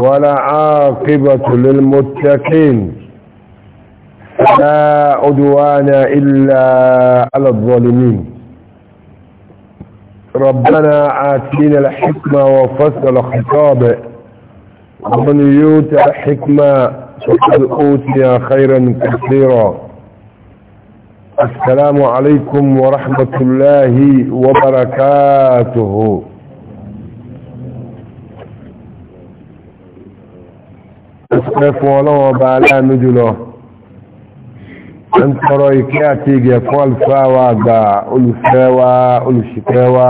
ولا عاقبة للمتقين لا عدوان إلا على الظالمين ربنا آتينا الحكمة وفصل الخطاب ومن يوت الحكمة فقد أوتي خيرا كثيرا السلام عليكم ورحمة الله وبركاته fẹ́ fún ọlọ́wọ́ ọba aláàánú jùlọ ń tọrọ ìkẹ́ àti ìgẹ̀ fún àlùfáà wa àgbà olùfẹ́ wa olùṣìkẹ́ wa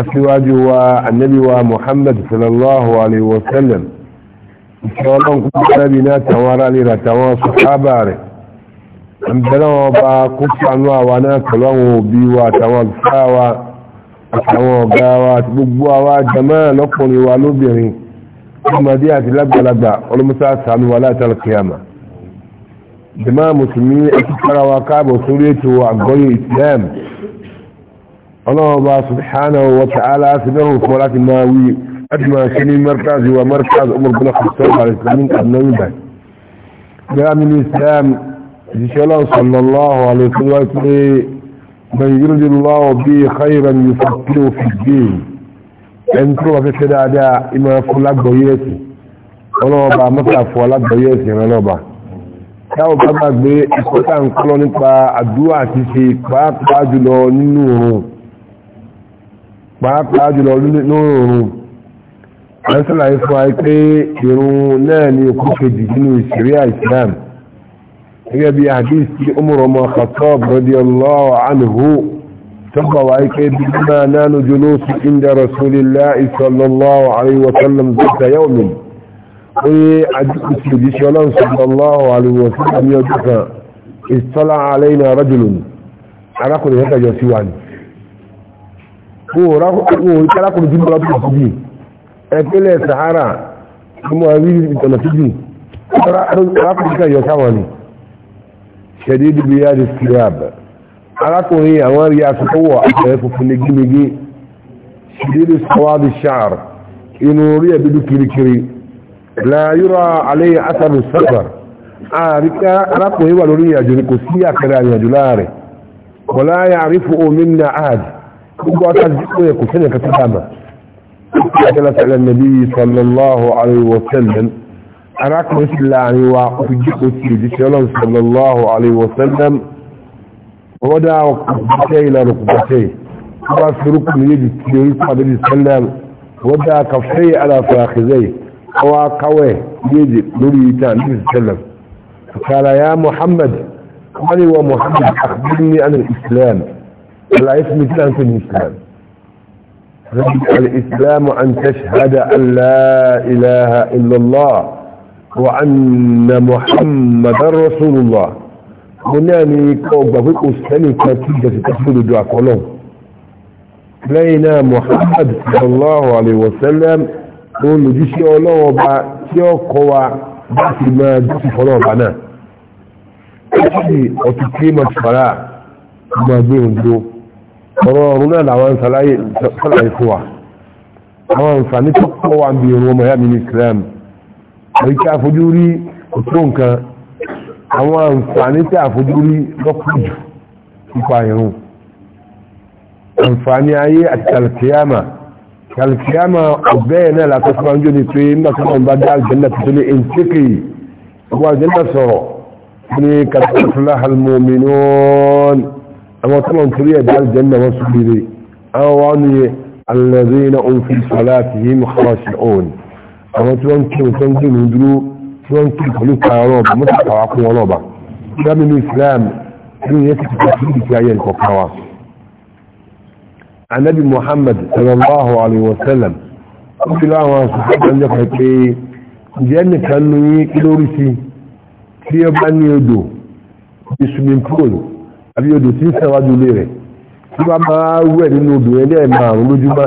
aṣíwájú wa annabi wa muhammad sallallahu alaihi wasallam ìṣẹ́ ọlọ́run kú àtàwọn ọ̀gá wa àti gbogbo àwa jàmáà lọ́kùnrin wa lóbìnrin الماضيات لبقى لبقى والمساعدة عن ولاة القيامة دماء مسلمين اتكرى وقعب وصوليته وعقبوا الإسلام الله سبحانه وتعالى سبحانه وتعالى ماوي أجمع سنين مركز ومركز أمر بن خلصان على الإسلامين أبنوين بك قام الإسلام صلى الله عليه وسلم من يرد الله به خيرا يفكر في الدين ẹni tó wà fẹ́fẹ́ dáadáa ìmọ̀ ẹ̀kọ́ lágbọ̀ọ́yé ẹ̀sìn ọlọ́ọ̀bà mọ́tàfọ́ lágbọ̀ọ́yé ẹ̀sìn ọlọ́ọ̀bà táwọn bá gbàgbé ẹ̀kọ́ tá ń kọ́ nípa àdúrà àti ṣe pàápàá jùlọ nínú òrùn pàápàá jùlọ nínú òrùn ẹ̀sìnlá ìfọ́ àìpé ìrun náà ní okú kejì nínú ìṣẹ̀rí àìsílámù gẹ́gẹ́ bí hadith تبقى وعيك بما نال جلوس عند رسول الله صلى الله عليه وسلم ذات يوم وعدك سيديش ولن صلى الله عليه وسلم يدفع اطلع علينا رجل عرقل هكا جاسوان هو رقل جنب ربك سبيه اكل سحارة ثم هذه التنفيذ رقل هكا جاسواني شديد بياد الثياب arákùnrin àwọn rí asọ́wọ́ àtẹ̀rẹ́ funfun negínegí ṣìdírí sọ́wádìí ṣáàr inú orí ẹ̀bídú kirikiri láyúrọ̀ alẹ́ asàrù sọ́gbàr arákùnrin wà lórí ìyàjò ní kò sí àkẹrẹ àyàjò láàrẹ̀ wọ́lá yà rí fún omi ní àádì gbogbo àtàjẹ́ kò sẹ́yìn kẹta النبي صلى الله عليه وسلم أراك مثل الله وفجئ صلى الله عليه وسلم ووضع ركبتيه إلى ركبتيه وقال في ركب كبير صلى الله عليه وسلم ووضع كفيه على فاخذيه وقويه يجي نريتان نبي وسلم فقال يا محمد قال محمد أخبرني عن الإسلام لا يسمي كلام في الإسلام الإسلام أن تشهد أن لا إله إلا الله وأن محمد رسول الله mo náà ni kọ gbà pé kò sẹ́nì kan tí ìjọsí kẹsí lòdò àkọlọ̀ lẹ́yìn náà Muhammad sallallahu alaihi wasallam tó lòdíṣẹ́ ọlọ́wọ́ bá tí ó kọ́ wa bá ti máa dúkì fọ́lọ́ ọba náà kí ọtí kí mọ̀ ti fara máa gbé òǹdó ọ̀rọ̀ ọ̀run náà làwọn sàlàyé fún wa àwọn àǹfààní tó kọ́ wa ń bí irun ọmọ yá mi àríkà fojú rí òtún nǹkan àwọn àǹfààní tí àfojúrí lọ́pọ̀jù nípa ìrun àǹfààní ayé àti alkiyama alkiyama ọ̀bẹ́ náà látọ́ fún ọjọ́ ní pé nígbàtí bá dá aljanna tó lé ẹ̀ǹtíkì ọgbà aljanna sọ̀rọ̀ ní kàtàkùnlá halmominon àwọn tó lọ nítorí ẹ̀dá aljanna wọ́n sùn lére àwọn wọn ni tí wọ́n ń kí pẹ̀lú kan ọlọ́ọ̀bà mọ́tò àwa kún ọlọ́ọ̀bà nígbà mímú Islam ní ìyẹn ti tẹ̀sí ìdí ti ayé nǹkan kan wa. Anabi Muhammad sallallahu alayhi wa sallam ó fi láwọn asòfin kan jẹ́ pé pé nìkan nu yín kí lórí sí tí ó bá ní odò bí swimming pool àbí odò tí ń sẹ́wájú lé rẹ̀ tí wọ́n máa wẹ̀ nínú odò yẹn lẹ́ẹ̀ márùn-ún lójúmọ́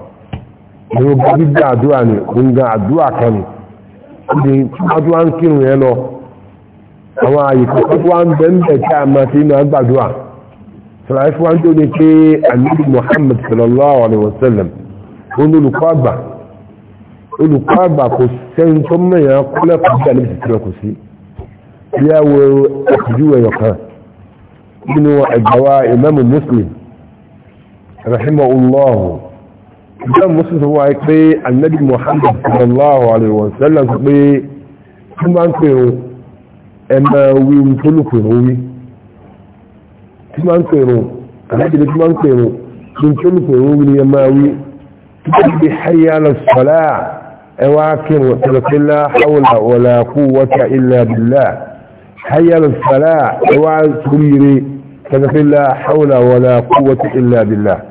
ìwọ̀n bá gbígbà àdúrà ni gbígbà àdúrà kan ni ìdí àdúrà ń kírun yẹn lọ àwọn àyíkò àdúrà ń bẹ̀ ń bẹ̀ tí a máa ti inú agbàdúrà sàlàyé fún wa ń tó ní pé àmìlì Muhammad sallallahu alaihi wasallam ó ní olùkọ́ àgbà olùkọ́ àgbà kò sẹ́yìn tó كان مصطفى واقي النبي محمد صلى الله عليه وسلم بي كما انتو اما وي مفلوك وي كما انتو انا كما انتو من كلك وي يا ماوي تبدي حي على الصلاة اواكر وتلك لا حول ولا قوة الا بالله حي على الصلاة اواكر وتلك لا حول ولا قوة الا بالله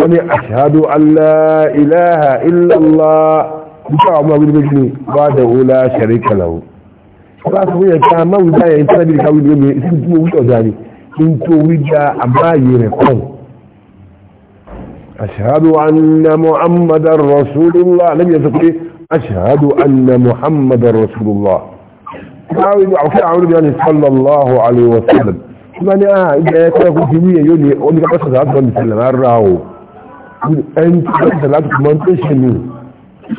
وني أشهد أن لا إله إلا الله بشعب ما بالبجلي بعده لا شريك له فأسوا يكا ما وزايا إنسان بلك أول يومي اسمه وشو ذلي إنتو وجا أما يرقون أشهد أن محمد رسول الله لم يذكر أشهد أن محمد رسول الله صلى الله عليه وسلم ما أنا آه إذا يكون في مية يوني أمي قصة عبد الله سلم ما ẹni tó ṣẹ̀ṣẹ̀ láti mọ́ tó ṣe lè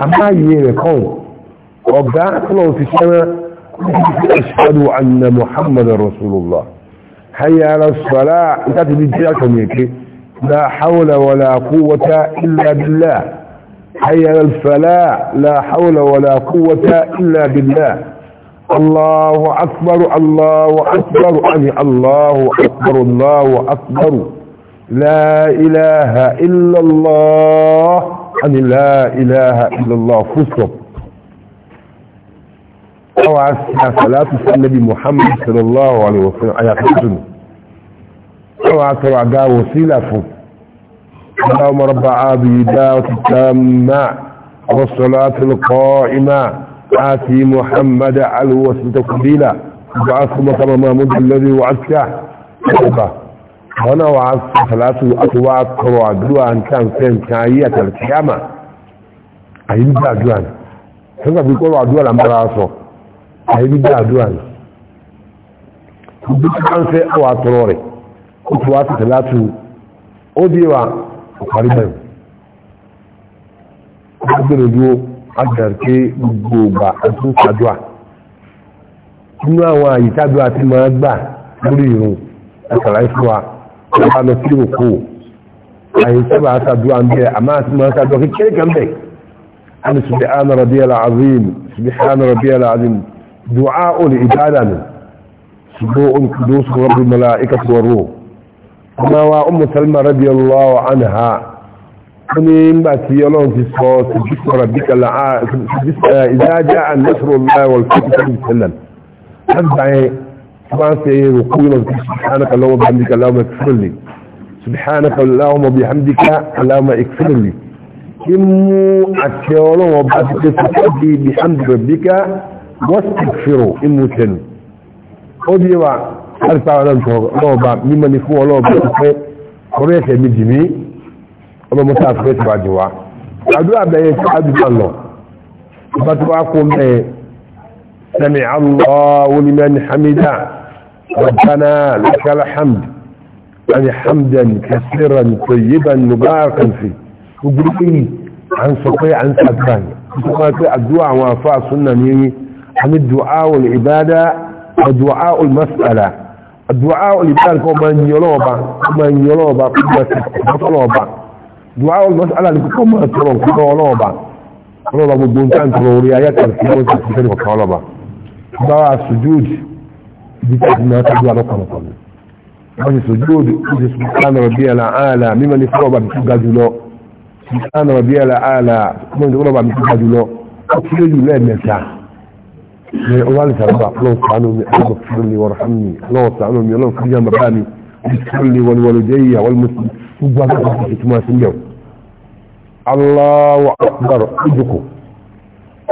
àmáyé rẹ̀ kàn ọ̀gá ọlọ́run ti ṣẹ́rẹ́ ashhadu anna muhammadar rasulullah hayya ala salah láti bí jẹ́ àkàmì èké la hawla wa la quwwata illa billah hayya ala salah la hawla wa la quwwata illa billah allahu akbar allahu akbar ani allahu akbar allahu akbar, allahu akbar. لا إله إلا الله أني لا إله إلا الله فسط أو عسى صلاة النبي محمد صلى الله عليه وسلم أي حسن أو عسى عدا وسيلة اللهم رب عابي دعوة التامة والصلاة القائمة آتي محمد على وسيلة قبيلة وبعث مطر الذي وعدته àwọn náà wàá sàlátù àti wàá tọrọ àdúrà nǹkan fẹ́ nǹkan ayé àtàlùkìyàmà àyè gbígbà àdúrà ni sọ́kà fi kọ́rọ̀ àdúrà là ń bára sọ àyè gbígbà àdúrà ni gbogbo tí wọ́n fẹ́ àwọn àtọrọ rẹ̀ ó ti wàá sàlátù ó dé wa ọ̀parí bẹ́ẹ̀ ó gbèrè dúró àgbàrké gbogbo ògbà àti ìsàdúà nínú àwọn àyíká àdúrà tí máa gbà lórí ìrùn àtàlàyé fún wa wọ́n á lọ sí òkú àyè sábà àtàdúrà ń bẹ̀ àmọ́ àti máa sàdúrà kékeré kan bẹ̀ أنا سبحان ربي العظيم سبحان ربي العظيم دعاء لعبادنا سبوء قدوس رب الملائكة والروح أما وأم سلمة رضي الله عنها أمين باتي يلون في الصوت بسم ربك إذا جاء نصر الله والفتح صلى طبعا سيقول سبحانك اللهم بحمدك اللهم اكفر لي سبحانك اللهم بحمدك اللهم اكفر لي كمو أتيولو وبعدك سبحانك بحمد ربك واستغفره إمو تنو قد يوع أرسى على الله مما نفوه الله بحمد قريش مجمي ọmọ mọ́ta àfẹ́sẹ̀ bàjẹ́wà àdúrà عبد الله àdúgbà lọ ìbátúwà kó mẹ́ẹ̀ سمع الله لمن حمده ربنا لك الحمد يعني حمدا كثيرا طيبا مباركا فيه وبلقي عن سطيع عن سبحانه سقي الدعاء وفاء سنة عن الدعاء والعبادة ودعاء المسألة الدعاء العبادة كما يلوبا كما يلوبا كما يلوبا دعاء المسألة كما تلوبا كما يلوبا كما يلوبا كما يلوبا كما يلوبا báwa sujud bí kò tí náà tàbí alọ́kọ̀ọ̀kọ̀ mi wọ́n ti sujud ó ti subhana rabbiyal a'la mímọ́ ní fúnra bàbí tó ga jùlọ subhana rabbiyal a'la mímọ́ ní fúnra bàbí tó ga jùlọ ó ti lé jù lẹ́ẹ̀mẹ́ta ní ọwọ́ àti sàrọ́bà ọlọ́run sàánú akbar ojúkòó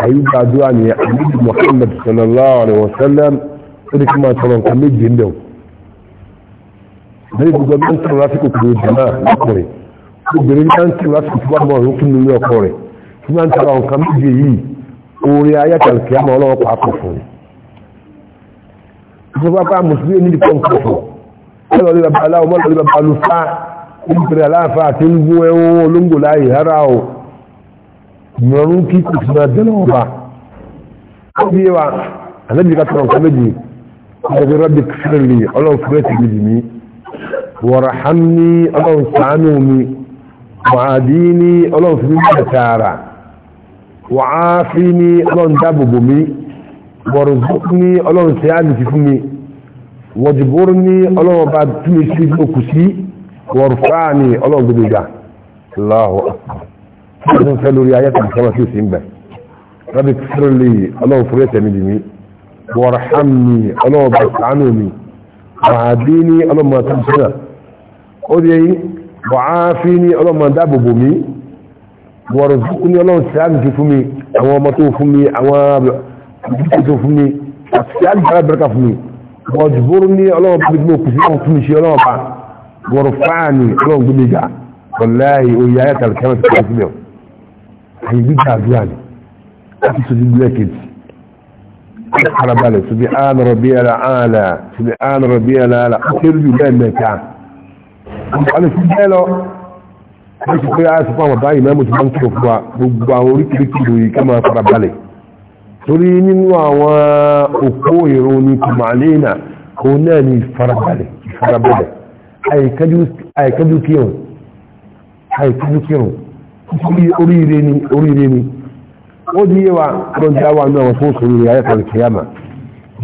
ayi gbàdúrà ní àbíkú Muhammad sallallahu alaihi wasallam ó ní kí máa tọrọ nǹkan méje ń dẹ̀wò lẹ́yìn gbogbo ẹgbẹ́ ń tọrọ lásìkò tó lè dùn náà lọ́kùnrin obìnrin máa ń tọrọ lásìkò tó bá mọ̀ ọ̀rún kí nínú ọkọ rẹ̀ tí máa ń tọrọ nǹkan méje yìí oore ayáta kí á mọ ọlọ́wọ́ pàápọ̀ fún un ìjọba pa mùsùlùmí ní ìdíkọ̀ nǹkan fún un lọ́lọ́lẹ́ babaláwo mọ́lọ́lẹ́ babalúfà ìmọ̀ràn kí kò sí máa dẹ́nà ọba ó bí wa àlejò ká tọrọ nǹkan méjì ọjọ́ rọ́bì kìrìlì ọlọ́run fúrẹ́tì méjì mi wọ̀rọ̀ hàmì ọlọ́run sàánù mi wàádìí ní ọlọ́run fún mi bẹ̀rẹ̀ tààrà wàáfí ní ọlọ́run dáàbòbò mi fi ní ọlọ́run mi sí ọdún fẹ́ lórí ayẹ́tàn sọ́rọ̀ sí ìsìn bẹ̀ rabi fẹ́rẹ̀lì ọlọ́run fúrẹ́ tẹ̀mí jì mí wọ̀rọ̀hám ni ọlọ́run bá sàánù mi wàhádí ní ọlọ́run àti ìṣẹ́nà ó di ẹyí wàáfí ní ọlọ́run dáàbòbò mi wọ̀rọ̀zùkú ní ọlọ́run sàánù fún mi àwọn ọmọ tó fún mi àwọn àbúkú tó fún mi àti sáà bẹ̀rẹ̀ fún mi wọ̀jùbúrú ní ọlọ́run bí mo kù sí fún mi ṣe ọlọ́run bá wọ̀rọ̀fáà ní ọlọ́run gbé mi gà wọ̀láyé oyè ayẹ́tàn sọ́rọ̀ sí ìsìn bẹ̀rẹ̀ àyè gbígbà àdúrà ni láti tó gbígbà kejì arabalẹ̀ tóbi ánàrọ̀ bí ẹ̀rà ààlà tóbi ánàrọ̀ bí ẹ̀rà ààlà ó kéré jù bẹ́ẹ̀ mẹ́ta wọ́n fi bẹ́ẹ̀ lọ wọ́n ti pé àìsàn fún àwọn báyìí mẹ́mú ti máa ń kí òkú wa gbogbo àwọn oríkìríkìrì yìí ká máa farabalẹ̀ torí nínú àwọn òpó ìrò ní kùmàlẹ́nà òun náà ni farabalẹ̀ farabalẹ̀ àìkájú kírun àìkájú kírun oríire ni oríire ni ó di yé wa lọ́jà wa ní àwọn tó ń sọ̀rọ̀ ìyá ẹ̀kọ́ ìkìyàmà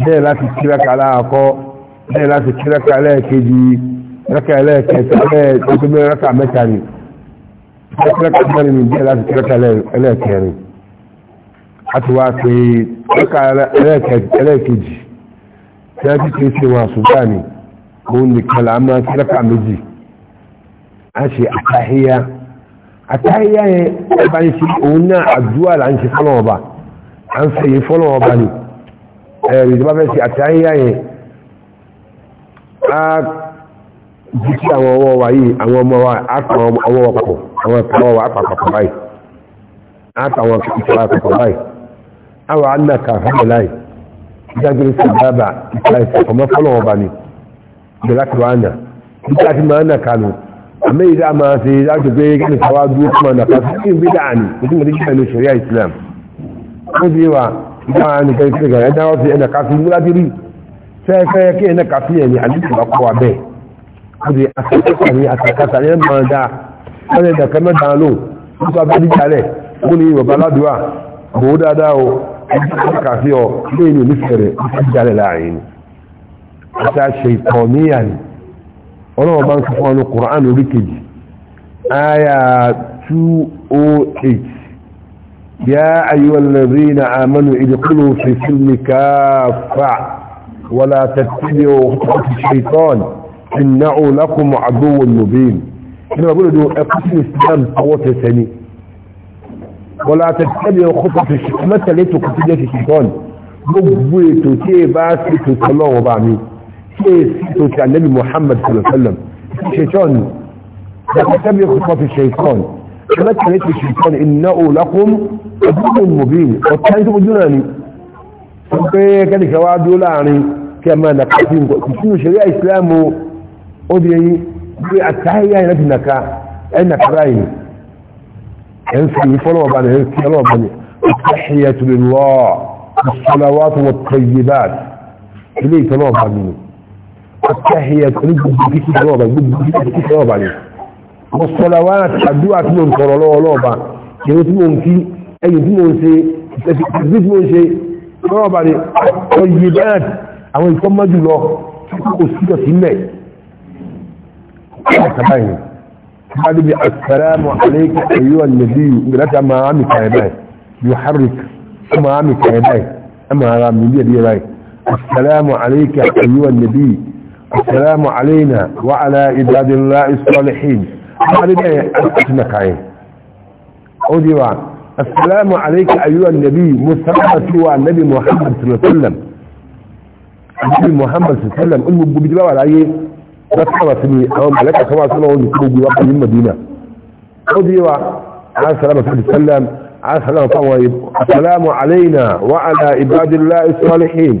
bẹ́ẹ̀ láti kíraka aláàkọ́ bẹ́ẹ̀ láti kíraka aláàkejì raka aláàkẹta bẹ́ẹ̀ raka mẹ́ta ni kíraka mẹ́rin ni bẹ́ẹ̀ láti kíraka aláàkẹrin àti wá pé raka aláàkejì tí a ti kéṣe wọn àṣùgbà ni òun nìkan là á máa kíraka méjì a ṣe àtàhíyá àtàríyá yẹn ọba ní sí òun náà àdúrà là ń ṣe ọba à ń ọba ni ẹ̀rì tó bá fẹ́ sí àtàríyá yẹn á jí kí àwọn ọwọ́ wa yìí àwọn ọmọ wa á ọwọ́ wa papọ̀ àwọn wa á báyìí á ìtura papọ̀ báyìí ọba ni ìgbẹ́lá àmì ìdá máa ṣe láti pé kí nìkan wá dúró fún ọ̀nà kan sí ìbídà ní ojú mọ̀ nígbà ní ṣòríà Islam ó ti wà ìdá wa nìkan ìpínlẹ̀ ẹ̀dá wọ́n ti ẹ̀nà kan sí ní láti rí fẹ́ẹ́fẹ́ kí ẹ̀nà kan sí ẹ̀mí àdúgbò bá kọ́ wa bẹ́ẹ̀ ó ti àtàkàtà ní àtàkàtà ní ẹ̀mọ́ ọ̀dà wọ́n lè dàkẹ́ mẹ́ta lò nípa bá díjà rẹ̀ ó ní yorùbá ládùúà àbòwò dáadáa o ẹ̀dá ọlọ́wọ́ bá ń sọ fún ọlọ́ Qur'an orí kejì aya 208 ya ayyuhal ladhina amanu idkhulu fi silmi kaffa wala tattabi'u khutuwati shaytan innahu lakum aduwwun mubin ina ba gudu ẹkùsí islam tọwọ́ tẹsẹ̀ ni كيف كان النبي محمد صلى الله عليه وسلم الشيطان فتتبع خطوات الشيطان كما كانت الشيطان إنه لكم أدوه مبين وكانتم دوناني فكان كواد يولاني كما نقاتين كنتم شريع إسلام أدري التحية التي نكا أنك رأيه ينسي يفلو بني ينسي يلو بني التحية لله الصلوات والطيبات إليك الله بني التهية تنجم بكيك روبا جنب بكيك روبا لي والصلوات الدعاء تنون كرولو لوبا يوتمون في أي يوتمون سي تنجمون سي روبا لي طيبات أو يكون مجلو تنجم سيكا سيمي كباين هذا السلام عليك أيها النبي لا ما عمك يباين يحرك ما عمك يباين أما هذا من السلام عليك أيها النبي السلام علينا وعلى عباد الله الصالحين السلام عليك ايها النبي مصطفى والنبي محمد صلى الله عليه وسلم النبي محمد صلى الله عليه وسلم ام بجبا أيه بسوا سمي او ملكة كما سنوا يقولوا بجوا من المدينه اوديوا على السلام عليه وسلم على السلام علينا وعلى عباد الله الصالحين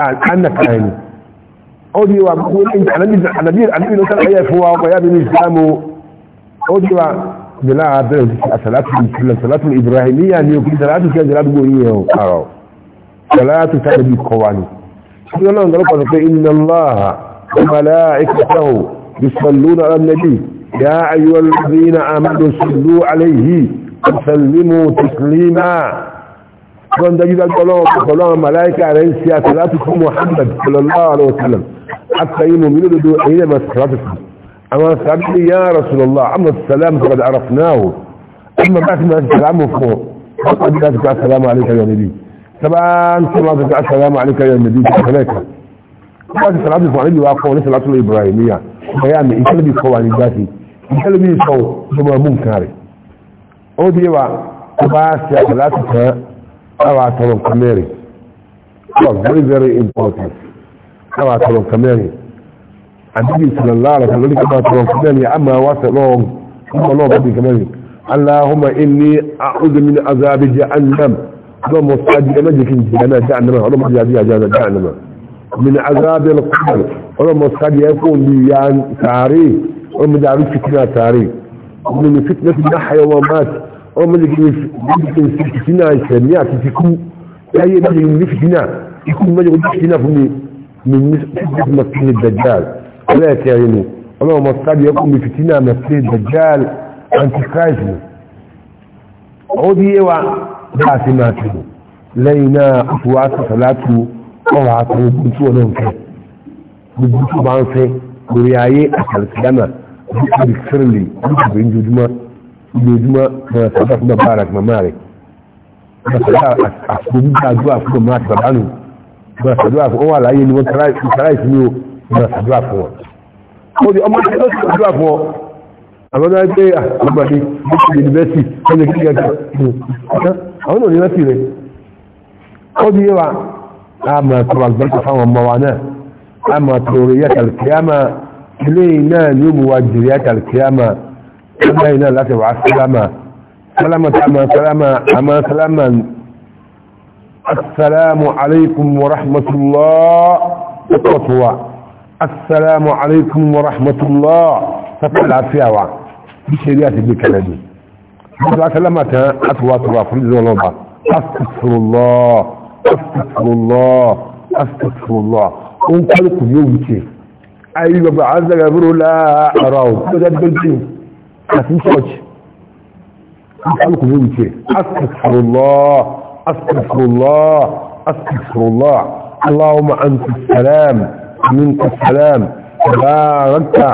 عنك يعني أودي وأقول أنت أنا بيز أنا بيز أنا بيز أنا بيز هو ويا بيز كلامه أودي و بلا عبد الصلاة الصلاة الإبراهيمية أن يكون صلاة كذا إيه صلاة بقولية أو صلاة تبي قواني يقول الله قال إن الله وملائكته يصلون على النبي يا أيها الذين آمنوا صلوا عليه وسلموا تسليما كون دا جيدا قلوه بخلوه ملايكة عليه السياسة محمد صلى الله عليه وسلم حتى يمؤمنوا لدو عيدة ما سخلاتك أما سألني يا رسول الله عم السلام فقد عرفناه أما بعد ما سلامه فوق فقد لا تكع السلام عليك يا نبي طبعا سلام تكع السلام عليك يا نبي فلاك فقد سلام تكع عليك واقوة ليس العطل الإبراهيمية فيعمل إنسان بي فوق عن ذاتي إنسان بي فوق ثم ممكاري أو ديوا تباس يا ثلاثة سبعة طلب كماري very very important سبعة طلب كماري النبي صلى الله عليه وسلم كما طلب كماري عما واسع لهم ثم الله بدي اللهم إني أعوذ من عذاب جهنم اللهم استعد لمجك جهنم جهنم اللهم استعد جهنم جهنم من عذاب القبر اللهم استعد يكون ليان يعني تاريخ فتنة من فتنة النحية ومات ọmọ lè gbé fìtínà ìṣẹ̀mí àti tikú láyé mẹ́jọ ní fìtínà ikú mẹ́jọ ní fìtínà fún mi mi ní fìtínà mẹ́tìlì dajjal ọlẹ́ẹ̀kẹrin ni ọlọ́wọ́ mọ̀ sábì ẹkùn mi fìtínà mẹ́tìlì dajjal antichrist ni ó bí yé wa bá a ti máa tìlù lẹ́yìn náà oṣù wa ti sàlátù ọ̀rọ̀ àtàwọn ogun tí wọn náà ń fẹ́ gbogbo tó bá ń fẹ́ lórí ayé àtàlùkìyàmà lójúmọ́ mọ̀ sábà fún bàbá rẹ̀ màmá rẹ̀ mọ̀ sábà àsìkò gbígbà àdúrà fún bàmá àti bàbá nù mọ̀ sàdúrà fún wọn àlàyé ni wọ́n tara ìsinmi o mọ̀ sàdúrà fún wọn. ó di ọmọ tí wọ́n sàdúrà fún ọ àwọn náà gbé àgbàdé bíkì yunifásitì ẹni kíkà kan àwọn náà ní láti rẹ̀ ó di yẹ wa a máa tọrọ àgbàdé fáwọn ọmọ wa náà a máa tọrọ yàtàlùkìyàmà ilé náà ni ó mú wa jìrì yàtàlùkìyàmà ما هنا لا تبع السلامة سلامة أما سلامة أما سلاما السلام عليكم ورحمة الله تطوى السلام عليكم ورحمة الله تطلع فيها وعن بشريات بكلامي بشريات سلامة أطوى أطوى فريد الله أستغفر الله أستغفر الله أستغفر الله أنقلكم يوم كيف أي أيوة بابا عزك أبرو لا أراه تدبل بيه kafin church alku zai wuce astaghfirullah astaghfirullah astaghfirullah allahumma anta salam minka salam tabarakta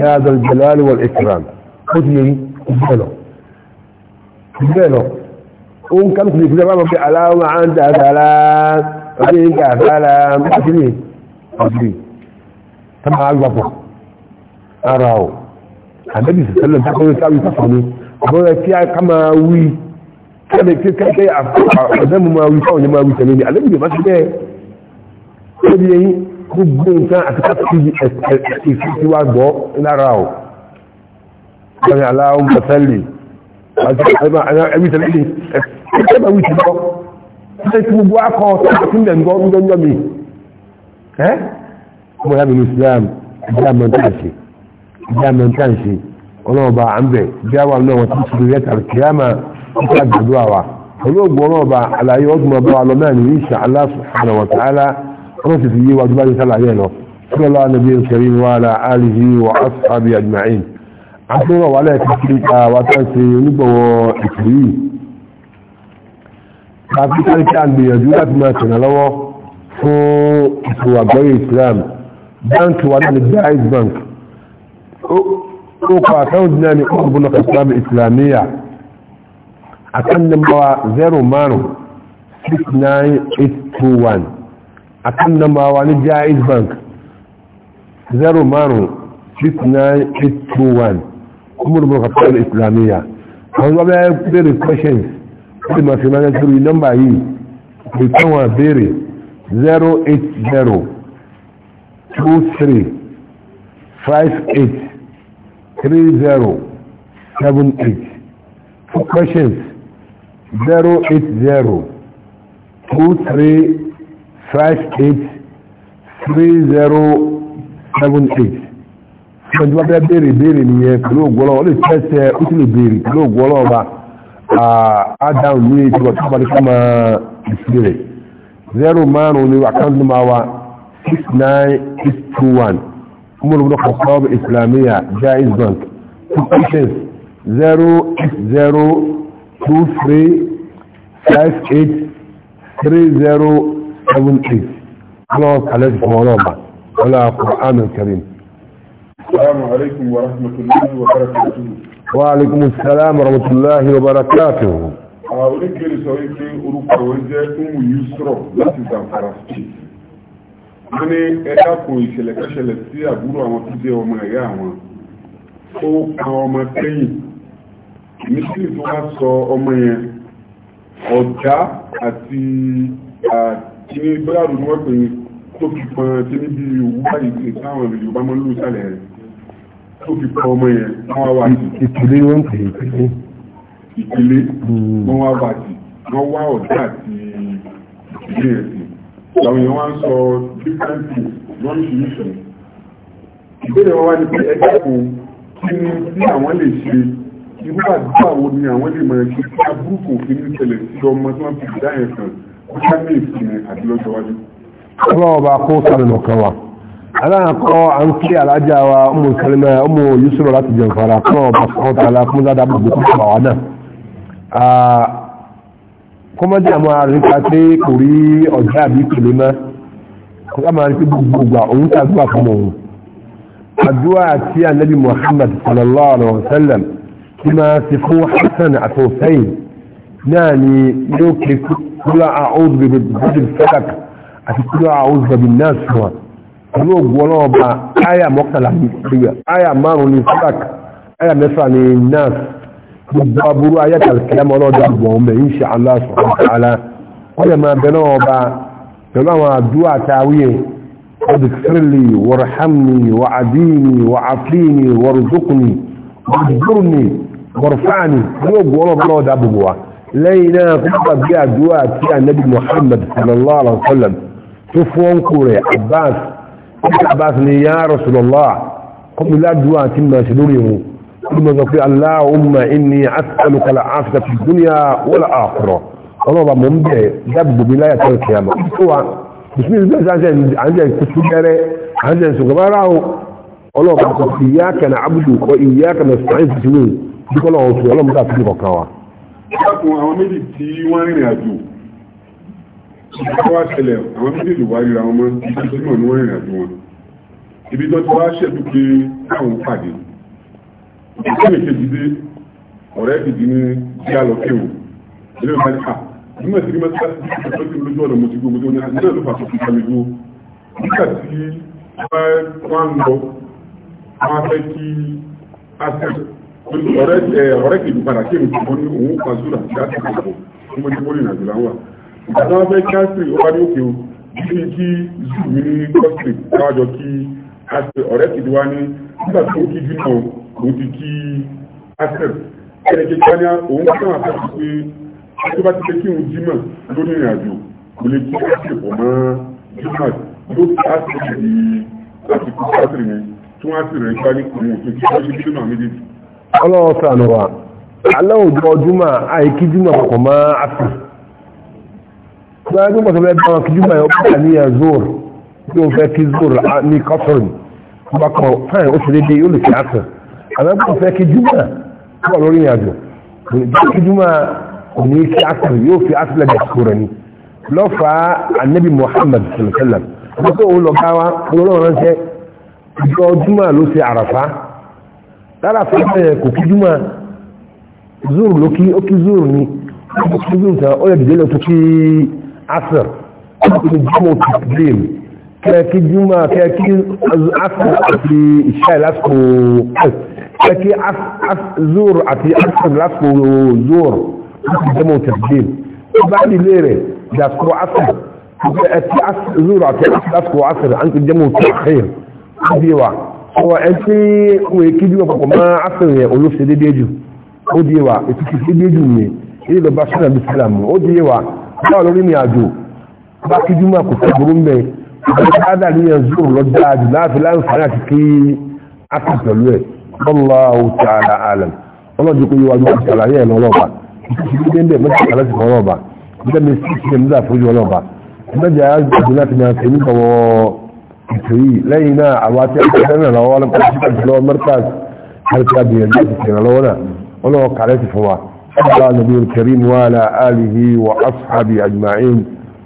ya zal jalal wal ikram kujiri kubelo kubelo un kan kujiri kubelo ba bi allahumma anta salam minka salam kujiri kujiri tabarakta arawo àdébì sẹ́lẹ̀ tákọ́rẹ́ sáwí sáfà ní àbọ̀rẹ́ kí a máa wí kẹ́lẹ̀ kẹ́kẹ́ àdẹ́mù máa wí fáwọn yẹn máa wí tẹ̀lé ní àdébì lè má sí bẹ́ẹ̀ lórí ẹyin gbogbo nǹkan àti káàkiri ìfi tí wá gbọ́ lára o lọ́rin aláwọ̀ mọ̀sẹ́lì àti ẹbí tẹ̀lé ní ẹgbẹ́ máa wí ti gbọ́ ṣe tí gbogbo akọ sílẹ̀ ńgọ́ ńgọ́ mi ẹ́ ọmọ yàgbẹ̀ ní Islam ìdí àmọ́ tó ṣe ìjà mẹ́ta ń ṣe ọlọ́ọ̀bà àmbẹ̀ jáwà náà wọ́n ti ṣubú yẹta kìyàmà nípa gbàdúrà wa olóògbé ọlọ́ọ̀bà àlàyé ọdún ọba wa lọ náà ní insha Allah subhanahu wa ta'ala wọ́n sì fi yé wa dúbájú sálàyé lọ صلى الله نبي الكريم وعلى آله وأصحابه أجمعين عصر ولا تسليك وتنسي نبو إكري ففي ذلك أن بيجولة ما كان له فوق إسواء الإسلام بنك ولا الجائز بنك kofa saudina ne kuma na kasar islamiyya a kan namawa 0-69821 a kan namawa na jaiz bank 0-69821 kuma na kasar islamiyya a wanzu abu ya yi bere questions kudi masu mana turu nan ba yi bai kanwa bere 080 23 58 3078 for questions 080 2358 3078 ìjọba bá bẹ́ẹ̀ béèrè béèrè nìyẹn pẹ̀lú ògbọ́lọ́ ó lè tẹ́sẹ̀ ó sì lè béèrè pẹ̀lú ògbọ́lọ́ ọba adam ní ìjọba tó bá ní ká máa ìsirẹ̀ 0 márùn-ún ní àkáǹtì máa wa 69821 عمر بن الخطاب إسلامية جائز بنك تكتشف 08023583078 خلاص عليك مولانا ولا قرآن الكريم السلام عليكم ورحمة الله وبركاته وعليكم السلام ورحمة الله وبركاته أريد أن أقول لك أن أوروبا وجاء يسرى لا تزام فرنسا wọ́n ní ẹ̀dá kò ìṣẹ̀lẹ̀ kẹ́ṣẹ̀lẹ̀ sí àbúrò àwọn tó jẹ́ ọmọ ẹ̀yà àwọn ó kan ọmọ tẹ́yìn mísírì tó wá sọ ọmọ yẹn ọ̀dá àti àkíní bọ́láàrù ni wọ́n pè ní tó fi pọn tí níbi òwú báyìí pé táwọn èlò Yorùbá máa ń lò tó fi pọn ọmọ yẹn wọ́n wá wà sí. ìpìlẹ̀ wọ́n pè é ìpìlẹ̀. ìpìlẹ̀ hmm. wọ́n wá wà sí wọ́n wá ọ̀dá àti ìpìlẹ̀ yẹn sí làwọn èèyàn wá ń sọ different things wọ́n ń ṣe ìṣẹ̀ ìbéèrè wọn wá ní pé ẹgbẹ́ kan kí ni tí àwọn lè ṣe irú àdúrà wo ni àwọn lè máa ṣe kí abúrúkọ òfin ní ìṣẹ̀lẹ̀ sí ọmọ tí wọ́n fi dá yẹn kan bóyá ní ìsinmi àti lọ́jọ́ wájú. ọlọ́wọ́ bá kó sàlùmọ̀ kan wà aláàkọ́ à ń kí alájà wa ọmọ ìsàlùmọ̀ ọmọ yusuf láti jẹun fara kọ́ ọ̀bà kan tààlà fún ládàbọ̀ gbogbo àwọn náà kọ́mọ́dé àmọ́ àríkà pé kò rí ọ̀dá àbí pèlè mọ́ kò ká máa rí pé gbogbo òun tàdúrà fún òun àdúrà tí ànábì Muhammad sallallahu alaihi wa sallam tí máa ti fún Hassan àti Hussein náà ni yóò ké kúlọ̀ àóòdù bèbè bèbè fẹ́lẹ̀k àti kúlọ̀ àóòdù bèbè náà sùnwà pẹ̀lú ògùn ọlọ́wọ́ bá áyà mọ́kànlá ní áyà márùn-ún ní fẹ́lẹ̀k áyà mẹ́fà ní náà gbogbo aburú ayé kàlùkìyàmọ́ ọlọ́dọ̀ àgbọ̀n mẹ́ insha Allah subhanahu wa ta'ala wọ́n lè máa bẹ̀rẹ̀ ọba pẹ̀lú àwọn àdúrà tàwíyẹ ọdìkfẹ́lì wọ̀rọ̀hámni wàádìní wàáfíní wọ̀rọ̀dúkùní wọ̀rọ̀dúrùní wọ̀rọ̀fáàní yóò gbọ́ ọlọ́dọ̀ àbùbù wa lẹ́yìn náà kó bá bí àdúrà tí ànábì Muhammad sallallahu alaihi wa sallam tó fún kú ثم ذكر اللهم إني أسألك العافية في الدنيا والآخرة ọlọ́ba mọ̀ ń bẹ̀ dábìbò bí láyà tẹ́lẹ̀ kìí àmọ́ tó wa bísí ní ṣáṣẹ́ àjẹ́ ìkúsù gẹ́rẹ́ àjẹ́ ìṣògbára o ọlọ́ba kò sí ìyá kẹna abudu kọ ìyá kẹna sàáyé fi sílẹ̀ dúkọ́ náà oṣù ọlọ́mọdé àti kọ̀ọ̀kan wa. dákun àwọn méjì tí wọ́n rìnrìn àjò ìṣòwò àṣẹlẹ̀ àwọn méjèèjì wá ríra wọn mọ́ ibi tó ti wọ́n rìnrìn àjò àwọn pàdé ìdílé kejì dé ọ̀rẹ́ kejì ní bí a lọ o ilé ìgbà nípa nígbà tí nígbà tí ó ti lójú ọ̀nà mo ti gbogbo tó ní àti náà ló fà sókè kàmì dúró nígbà tí wọ́n ń lọ wọ́n fẹ́ kí a tẹ̀ ọ̀rẹ́ kejì padà kéwò tí wọ́n ní òun pa zúlà tí a ti kọ̀ bọ̀ ní mo ti mọ́ ìrìn àjò láwà ìgbà tí wọ́n fẹ́ kí a sì ó wá ní òkè o bí kí zú mi ní kọ́sìtì káwájọ kí a tẹ̀ ọ̀rẹ́ kejì wá ní nígbà tí kí jù náà òdì kí access ẹni kékeré ní òun kí wọn àfẹ́ pé tó bá ti fẹ́ kí òun jímọ̀ lórí ìrìn àjò kò lè kí access pọ̀ mọ́ jímọ̀ tó fi access di àsìkò sátìrì ni tí wọ́n á sì rẹ̀ ń parí òun òfin kí wọ́n ṣe bí lónà méjèèjì. ọlọ́run sànù wa aláwùjọ júmọ̀ àìkí júmọ̀ pọ̀ mọ́ àfi gbáyé gbọ́sọ̀ bẹ́ẹ̀ bá wọn kí júmọ̀ yóò bá ní azor tí ó fẹ́ kí zor ní kọ́tọ̀rìn bá kọ̀ fáìn ó ṣe déédéé yóò lè ṣe àtàn àbẹ́kùn fẹ́ kí júmọ̀ wà lórí ìrìnàjò kí júmọ̀ kò ní kí asìlẹ̀ yóò fi asìlẹ̀ gà kúrẹ̀ ni lọ́fà anabi muhammad sallam lọ́fà òun lọ́gá wa olóòrùn ránṣẹ́ ìjọ júmọ̀ ló ṣe àràfá lára fẹ́ kò kí júmọ̀ zuru ló kí ó zuru ni ó zuru tán ó yẹ dìde lọ́tún kí asìlẹ̀ ó kí júmọ̀ kí kẹ́ẹ̀kí júmọ́ kẹ́ẹ̀kí asùn àti ìṣẹ́ lásìkò kẹ́ẹ̀kí zúr àti asùn lásìkò zúr láti jẹ́mọ̀ tẹ̀sídìm ó bá nílé rẹ̀ dàsìkò asùn kẹ́ẹ̀kí zúr àti lásìkò asùn àti jẹ́mọ̀ tẹ̀sídìm ó bí wa ọwọ́ ẹ tí wọ́n kí júmọ́ papọ̀ mọ́ asùn yẹn olóṣèlú dédé jù ó bí wa ètò kìí dédé jù yẹn ilé lọ bá sọ́nà bí هذا اللي يزور للداج لا في الان الأنفعات كي أكثر الوقت الله تعالى أعلم الله يقول والمؤسس على هي الولوبة يقولون دي ما على سيك الولوبة إذا من السيك يمزع في الولوبة مجد أجلات ما يسميك وكي لينا عواتي أكثرنا لو أنا كنت أشكال في مركز هل كان يجب سينا لونا ولو وقع عليه فوا الله نبي الكريم وعلى آله وأصحابه أجمعين